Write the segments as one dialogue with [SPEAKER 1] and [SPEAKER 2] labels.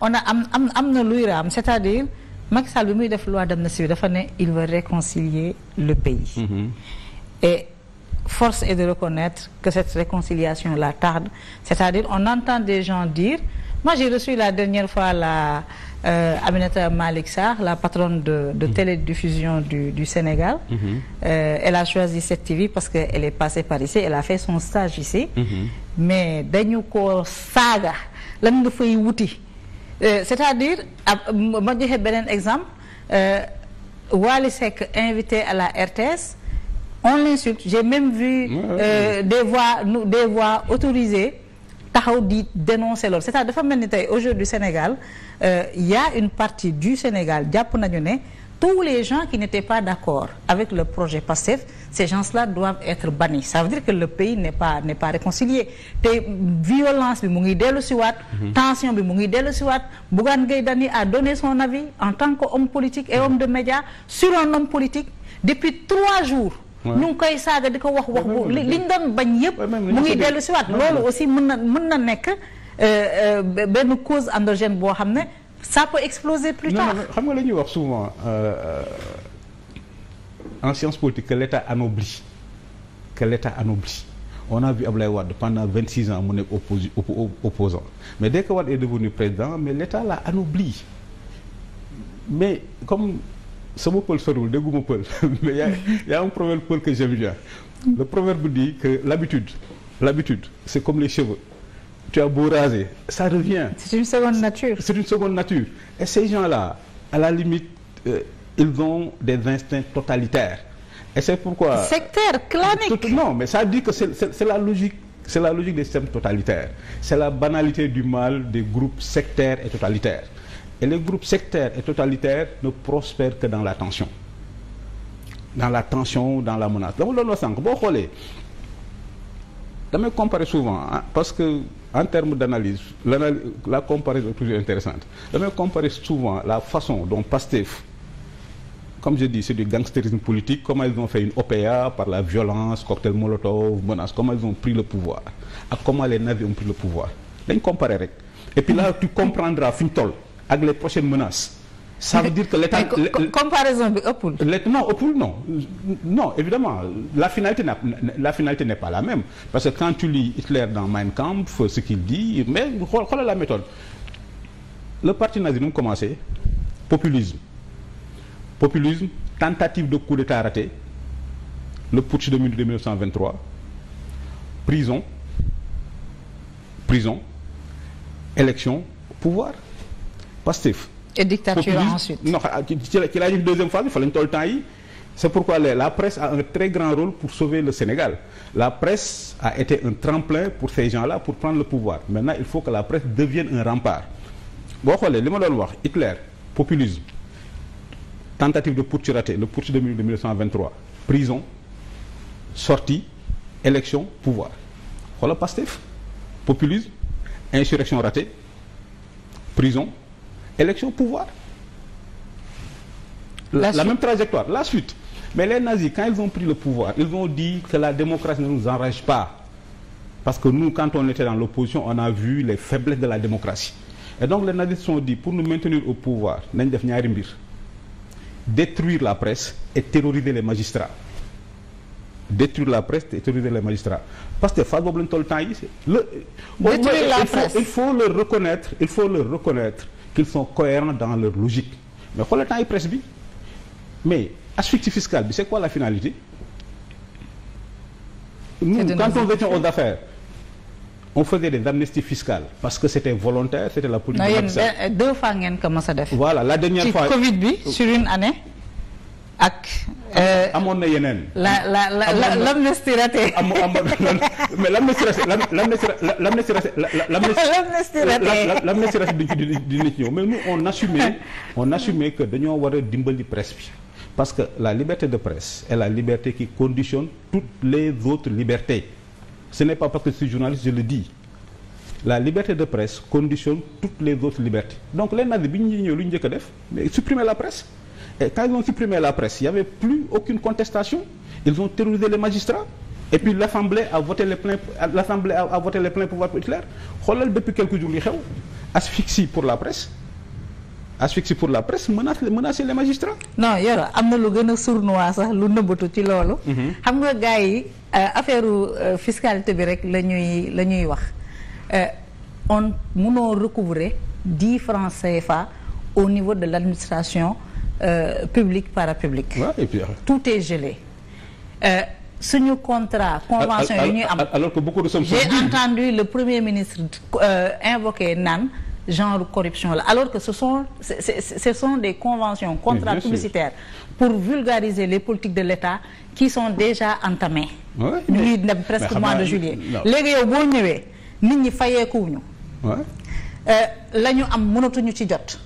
[SPEAKER 1] on a am am am na luy raam c'est-à-dire bi muy def loi d'amnistie bi dafa ne il veut réconcilier le pays. Mm -hmm. et force est de reconnaître que cette réconciliation la tarde c'est-à-dire on entend des gens dire moi j'ai reçu la dernière fois la euh, Aminata Malik Sarr la patronne de de mhm. télédiffusion du du Sénégal. Mm -hmm. euh, elle a choisi cette TV parce que elle est passée par ici elle a fait son stage ici. Mhm. mais daño ko saga lan nga fay wuti. Euh, c'est-à-dire ma joxe beneen exemple euh, Wally Seck invité à la RTS on l'insulte j'ai même vu euh, des voix des voix taxaw di dénoncer loolu c'est-à-dire dafa mel ni tey aujourd'hui Sénégal euh, y a une partie du Sénégal jàpp nañu ne tous les gens qui n'étaient pas d'accord avec le projet PASTEF ces gens la doivent être bannis ça veut dire que le pays n'est pas n'est pas réconcilié te violence bi mu ngi dellu si waat mhm. tension bi mu ngi dellu si waat Bougane Gueye Dany a donné son avis en tant qu'homme politique et mhm. homme de média sur un homme politique depuis trois jours ñu ngi koy saaga di ko wax wax li liñ doon bañ yépp mu ngi dellu si waat loolu aussi mën na mën na nekk euh, euh, benn cause endogène boo xam ne ça peut exploser plus non, tard
[SPEAKER 2] xam nga la ñuy wax souvent euh, euh en science politique que l'État anoblit que l'État anoblit on a vu Ablaye Wade pendant vingt six ans mu nekk opposi opposant mais dès que Wade est devenu président mais l'État l'a anobli mais comme sama pël soriwul dégguma pël mais y a y a un proverbe pël que j'aime bien le proverbe dit que l'habitude l'habitude c'est comme les cheveux tu as beau raser ça revient. c'est une seconde nature. c'est une seconde nature et ces gens-là à la limite euh, ils ont des instincts totalitaires et c'est pourquoi. tout, non mais ça dit que c'est c'est la logique c'est la logique des systèmes totalitaires c'est la banalité du mal des groupes sectaires et totalitaires et les groupes sectaires et totalitaires ne prospèrent que dans la tension dans la tension dans la menace dama doon la sànq boo xoolee damay comparer souvent parce en termes d'analyse la comparaison est plutôt intéressante damay comparer souvent la façon dont Pastef comme je dis c'est du gangstérisme politique comment ils ont fait une OPA par la violence cocktail Molotov menace comment ils ont pris le pouvoir ak comment les navis ont pris le pouvoir dañ comparer rek et puis là tu comprendras fi ñu toll ak les prochaines menaces ça veut dire que l'état comparaison bi ëppul. non ëppul non non évidemment la finalité n'a la finalité n'est pas la même parce que quand tu lis Hitler dans Mein Kampf ce qu'il dit mais xool xoolal la méthode le parti nazi nu mu commencé populisme populisme tentative de coup d'état raté le putsch de 1923 prison prison élection pouvoir
[SPEAKER 1] et dictature ensuite
[SPEAKER 2] non ah, ci la ci la deuxième phase bi fa lañ toll temps yi. c'est pourquoi la presse a un très grand rôle pour sauver le Sénégal la presse a été un tremplin pour ces gens-là pour prendre le pouvoir maintenant il faut que la presse devienne un rempart boo xoolee li ma doon wax Hitler populisme tentative de putsch raté le putsch de 1923 prison sortie élection pouvoir xoola Pastef populisme insurrection ratée prison élection pouvoir la, la, la même trajectoire la suite mais les nazis quand ils ont pris le pouvoir ils ont dit que la démocratie ne nous enrage pas parce que nous quand on était dans l'opposition on a vu les faiblesses de la démocratie et donc les nazis sont dit pour nous maintenir au pouvoir nañ def ñaari mbir détruire la presse et terroriser les magistrats détruire la presse et terroriser les magistrats parce que phase boobu lañ toll détruire la presse il faut le reconnaître faut le reconnaître qu'ils sont cohérents dans leur logique mais xoolal temps yi presse bi mais asphyxie fiscale bi c'est quoi la finalité nous quand on était aux affaires on faisait des amnisties fiscales parce que c'était volontaire c'était la politique Macky
[SPEAKER 1] deux fois ngeen ko mës a def
[SPEAKER 2] voilà la dernière fois Covid
[SPEAKER 1] bi euh, sur année ak
[SPEAKER 2] amoon na yeneen. la la la la l'amnistie ratée. amoon mais l'amnistie ratée l'amnistie l'amnistie ratée l'amnistie ratée l'amnistie ratée duñ ci dina ci ñëw mais nous on assumait on assumait que dañoo war a dimbali presse bi. parce que la liberté de presse est la liberté qui conditionne toutes les autres libertés ce n'est pas parce que je suis journaliste je le dis la liberté de presse conditionne toutes les autres libertés donc les nazis bi ñu ñëw lu ñu njëkk a def mais supprimer la presse. Et quand ils ont supprimé la presse, il n'y avait plus aucune contestation. Ils ont terrorisé les magistrats. Et puis l'Assemblée a voté les pleins, l'Assemblée a, les pleins pouvoirs pour Hitler. Xoolal depuis quelques jours li xew asphyxie pour la presse. asphyxie pour la presse menace menacer les magistrats.
[SPEAKER 1] non Yoro am na lu gën a sournois sax lu nëbbatu ci loolu. Mhm. xam nga gars yi euh, affaire euh, fiscalité bi rek la ñuy la ñuy wax euh, on mënoo recouvrer dix francs CFA au niveau de l'administration euh, public parapublic. Ouais, euh, tout est gelé. Euh, suñu contrat convention yi ñuy am
[SPEAKER 2] alors que beaucoup de j'ai
[SPEAKER 1] entendu le premier ministre euh, invoquer genre corruption la alors que ce sont ce des conventions contrats oui, publicitaires pour vulgariser les politiques de l'État qui sont déjà entamées ñu ngi dem presque mois de juillet léegi yow boo ñëwee ni ñi fayeekuwuñu
[SPEAKER 2] euh,
[SPEAKER 1] la ñu am mënatuñu ci jot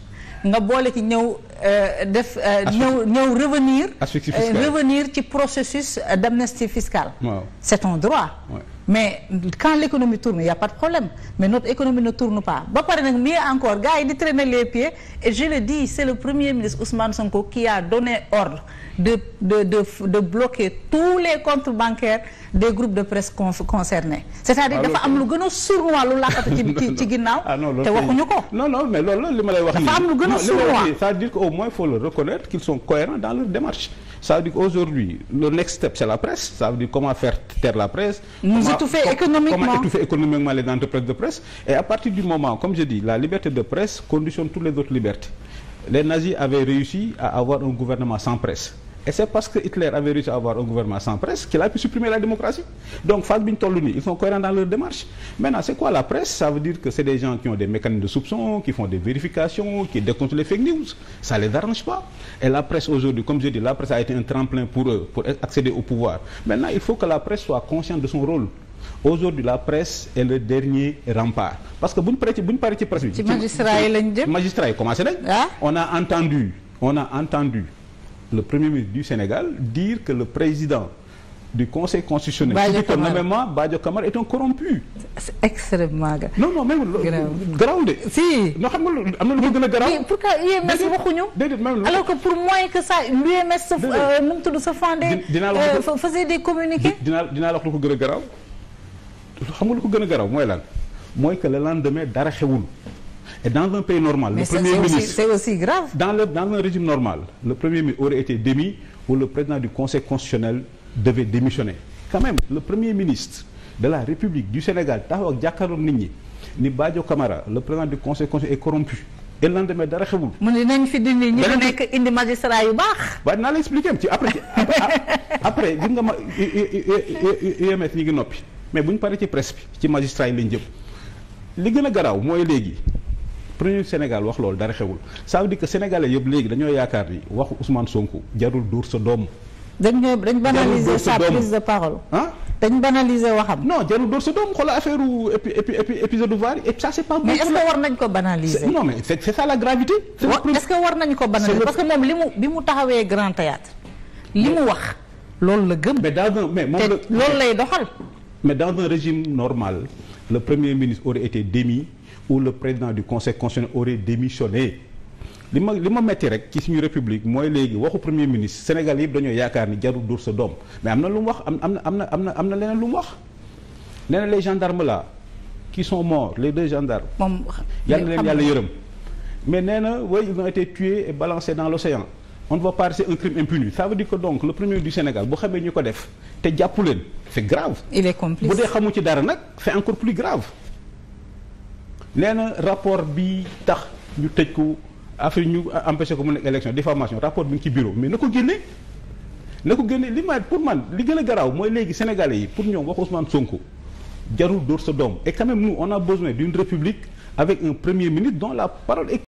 [SPEAKER 1] nga boole ci ñëw euh, def euh, ñëw ñëw revenir euh, revenir ci processus d'amnistie fiscale c'est ton droit mais quand l'économie tourne il y a pas de problème mais notre économie ne tourne pas ba pare nag mieux encore gars yi di traîner les pieds et je le dis c'est le premier ministre Ousmane Sonko qui a donné ordre de de de bloquer tous les comptes bancaires des groupes de presse concernés c'est-à-dire ah, dafa am lu gën a sournois lu làkkatu ci ci ginnaaw ah, te waxuñu ko
[SPEAKER 2] non non mais loolu la li ma lay wax dafa am lu gën a sournois c'est-à-dire qu'au cohérents dans leur démarche Ça veut dire qu'aujourd'hui, le next step, c'est la presse. Ça veut dire comment faire taire la presse. comment, étouffer économiquement. les entreprises de presse. Et à partir du moment, comme je dis, la liberté de presse conditionne toutes les autres libertés. Les nazis avaient réussi à avoir un gouvernement sans presse. et c'est parce que Hitler avait réussi à avoir un gouvernement sans presse qu'il a pu supprimer la démocratie donc phase bi ñu dans leur démarche maintenant c'est quoi la presse c'est des gens qui ont des mécanismes de soupçon qui font des vérifications qui déconstruisent fake news ça les arrange pas et la presse aujourd'hui comme je dis la presse a été un tremplin pour eux pour accéder au pouvoir maintenant il faut que la presse soit consciente de son le premier ministre du Sénégal dire que le président du conseil constitutionnel. Badio Camara nommément Badio Camara est un corrompu.
[SPEAKER 1] c'est extrêmement grave. non non même.
[SPEAKER 2] garaaw de. si non xam nga lu am
[SPEAKER 1] na lu gën a garaaw. mais pourquoi
[SPEAKER 2] UMS waxuñu.
[SPEAKER 1] déedéet alors que pour moins que ça l'UMS sa. déedéet euh, sa fondé. dinaa la euh, fa faisait des communiqués.
[SPEAKER 2] dinaa dinaa la ko gën a garaaw. xam nga lu ko gën a garaaw mooy lan mooy que le lendemain dara xewul. Et dans un pays normal, Mais le Premier ministre... c'est aussi grave. Dans, le, été démis ou le président du Conseil constitutionnel devait démissionner. Quand le Premier ministre de la République du Sénégal taxaw ak jàkkaarloo nit ñi ni bajo Camara le président du conseil constitutionnel est corrompu et le lendemain dara xewul. mu ne nañ fi dindi ñi nekk indi magistrat yu baax. waaye naa la expliquer ci après ah, après gis nga ma UMS ñi ngi noppi mais bu ñu paree ci presse bi ci magistrat yi lañ jëm li gën a garaaw mooy léegi. premier Sénégal wax loolu dara xewul ça veut dire que sénégalais yëpp léegi dañoo yaakaar ni waxu Ousmane Sonko jarul dóor sa dañ ñëw dañ banaliser prise de parole. dañ banaliser waxam. non jarul dóor
[SPEAKER 1] sa doom xoolal affaire épi épisode var et ça c'est pas. mais est-ce que war nañ ko banaliser. non mais c'est c'est ça la gravité. est-ce que war nañ ko banaliser parce que moom li mu bi mu taxawee grand théâtre
[SPEAKER 2] li mu wax loolu la gëm. mais dans un mais la loolu lay doxal. mais dans un régime normal le premier ministre aurait été démis. où le président du conseil constitutionnel aurait démissionné li ma li ma metti rek ci suñu république mooy léegi waxu premier ministre Sénégal yëpp dañoo yaakaar ni jarul dóor sa doom mais am na lu mu wax am na am na am na am na leneen lu mu wax nee na les gendarmes là qui sont morts les deux gendarmes. moom leen yàlla yërëm. mais nee na oui ils ont été tués et balancés dans l'océan on va pas un crime impuni ça veut dire que donc le premier du Sénégal bu xamee ñu ko def te jàppu leen c'est ci dara nag c'est nee na rapport bi tax ñu tëj ko affaire ñu empêché ko mu nekk élection diffamation rapport bi ngi ci bureau mais na ko génne na ko génne li ma pour man li gën a garaaw mooy léegi sénégalais yi pour ñoom wax Ousmane Sonko jarul dóor sa doom et quand même nous on a besoin d'une république avec un premier ministre dont la parole est